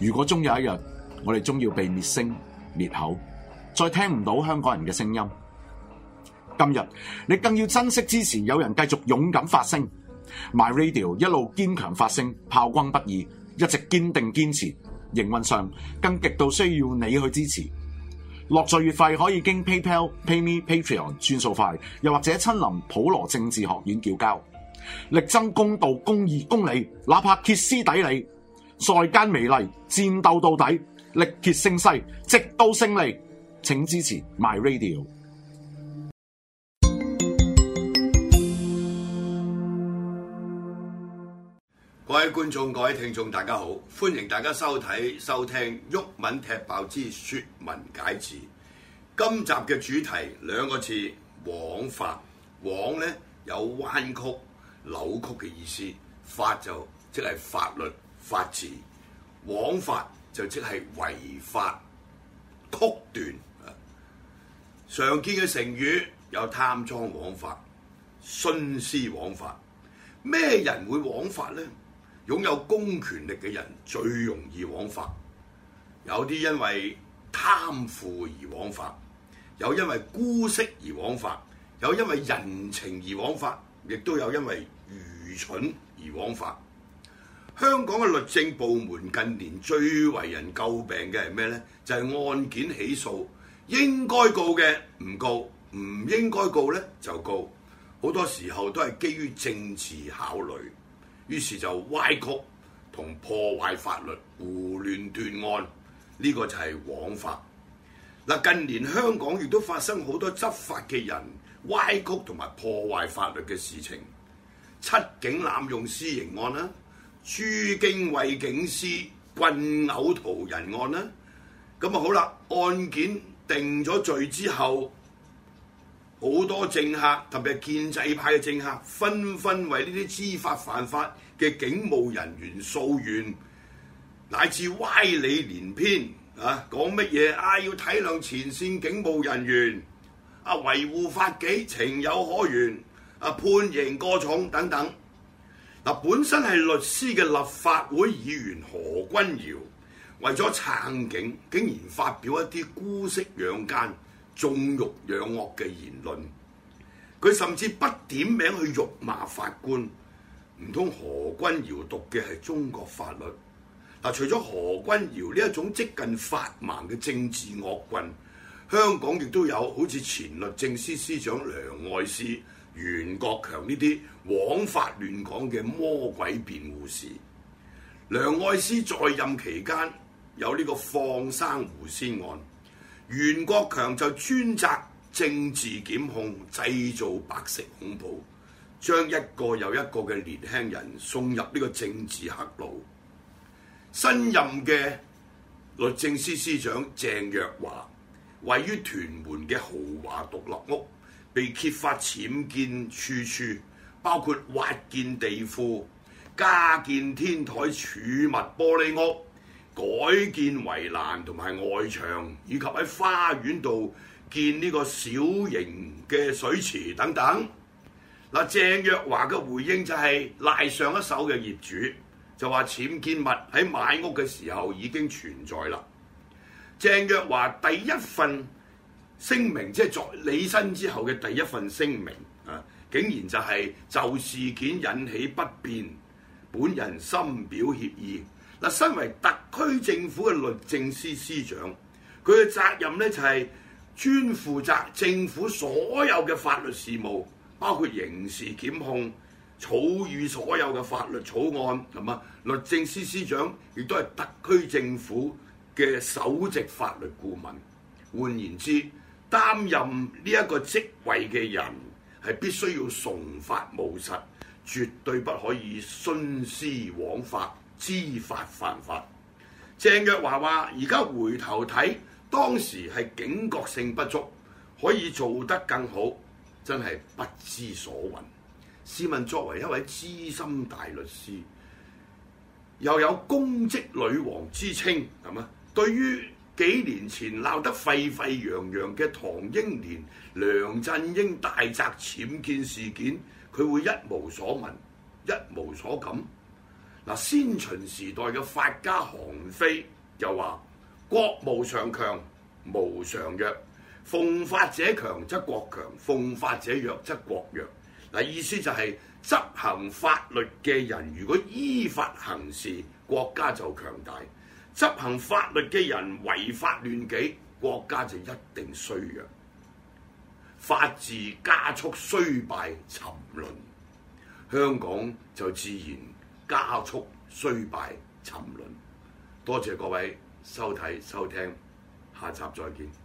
如果終有一日，我哋終要被滅聲滅口，再聽唔到香港人嘅聲音。今日你更要珍惜支持有人繼續勇敢發聲，My Radio 一路堅強發聲，炮轟不已，一直堅定堅持。營運上更極度需要你去支持。落座月費可以經 PayPal、PayMe、Patreon 轉數快，又或者親臨普羅政治學院叫交，力爭公道、公義、公理，公理哪怕歇斯底里。在間美麗，戰鬥到底，力竭勝勢，直到勝利，請支持 my radio。各位觀眾、各位聽眾，大家好，歡迎大家收睇、收聽《玉文踢爆之說文解字》。今集嘅主題兩個字：枉法。枉咧有彎曲、扭曲嘅意思，法就即係法律。法治，枉法就即係違法曲斷，常見嘅成語有貪贓枉法、徇私枉法。咩人會枉法呢？擁有公權力嘅人最容易枉法。有啲因為貪腐而枉法，有因為姑息而枉法，有因為人情而枉法，亦都有因為愚蠢而枉法。香港嘅律政部門近年最為人詬病嘅係咩呢？就係案件起訴應該告嘅唔告，唔應該告呢就告，好多時候都係基於政治考慮，於是就歪曲同破壞法律、胡亂斷案，呢個就係枉法。嗱，近年香港亦都發生好多執法嘅人歪曲同埋破壞法律嘅事情，七警濫用私刑案啦，朱經緯警司棍毆途人案啦，咁啊好啦，案件定咗罪之後，好多政客，特別係建制派嘅政客，紛紛為呢啲知法犯法嘅警務人員訴冤，乃至歪理連篇啊，講乜嘢啊？要體諒前線警務人員，啊維護法紀情有可原，啊判刑過重等等。嗱，本身係律師嘅立法會議員何君堯，為咗撐警，竟然發表一啲姑息養奸、縱欲養惡嘅言論。佢甚至不點名去辱罵法官。唔通何君堯讀嘅係中國法律？嗱，除咗何君堯呢一種接近法盲嘅政治惡棍，香港亦都有好似前律政司司長梁愛詩。袁國強呢啲枉法亂講嘅魔鬼辯護士，梁愛詩在任期間有呢個放生胡仙案，袁國強就專責政治檢控，製造白色恐怖，將一個又一個嘅年輕人送入呢個政治黑路。新任嘅律政司司長鄭若驊位於屯門嘅豪華獨立屋。被揭發僭建處處，包括挖建地庫、加建天台儲物玻璃屋、改建圍欄同埋外牆，以及喺花園度建呢個小型嘅水池等等。嗱，鄭若驊嘅回應就係、是、賴上一手嘅業主，就話僭建物喺買屋嘅時候已經存在啦。鄭若驊第一份。聲明即係在離任之後嘅第一份聲明啊，竟然就係就事件引起不便，本人深表歉意。嗱、啊，身為特區政府嘅律政司司長，佢嘅責任咧就係專負責政府所有嘅法律事務，包括刑事檢控、草擬所有嘅法律草案，係嘛？律政司司長亦都係特區政府嘅首席法律顧問。換言之，擔任呢一個職位嘅人係必須要崇法務實，絕對不可以徇私枉法、知法犯法。鄭若驊話：「而家回頭睇，當時係警覺性不足，可以做得更好，真係不知所云。」試問作為一位資深大律師，又有公職女王之稱，係嘛？對於幾年前鬧得沸沸揚揚嘅唐英年、梁振英大宅僭建事件，佢會一無所聞、一無所感。嗱，先秦時代嘅法家韓非又話：國無常強，無常弱。奉法者強則國強，奉法者弱則國弱。嗱，意思就係、是、執行法律嘅人如果依法行事，國家就強大。執行法律嘅人違法亂紀，國家就一定衰弱，法治加速衰敗沉淪，香港就自然加速衰敗沉淪。多謝各位收睇收聽，下集再見。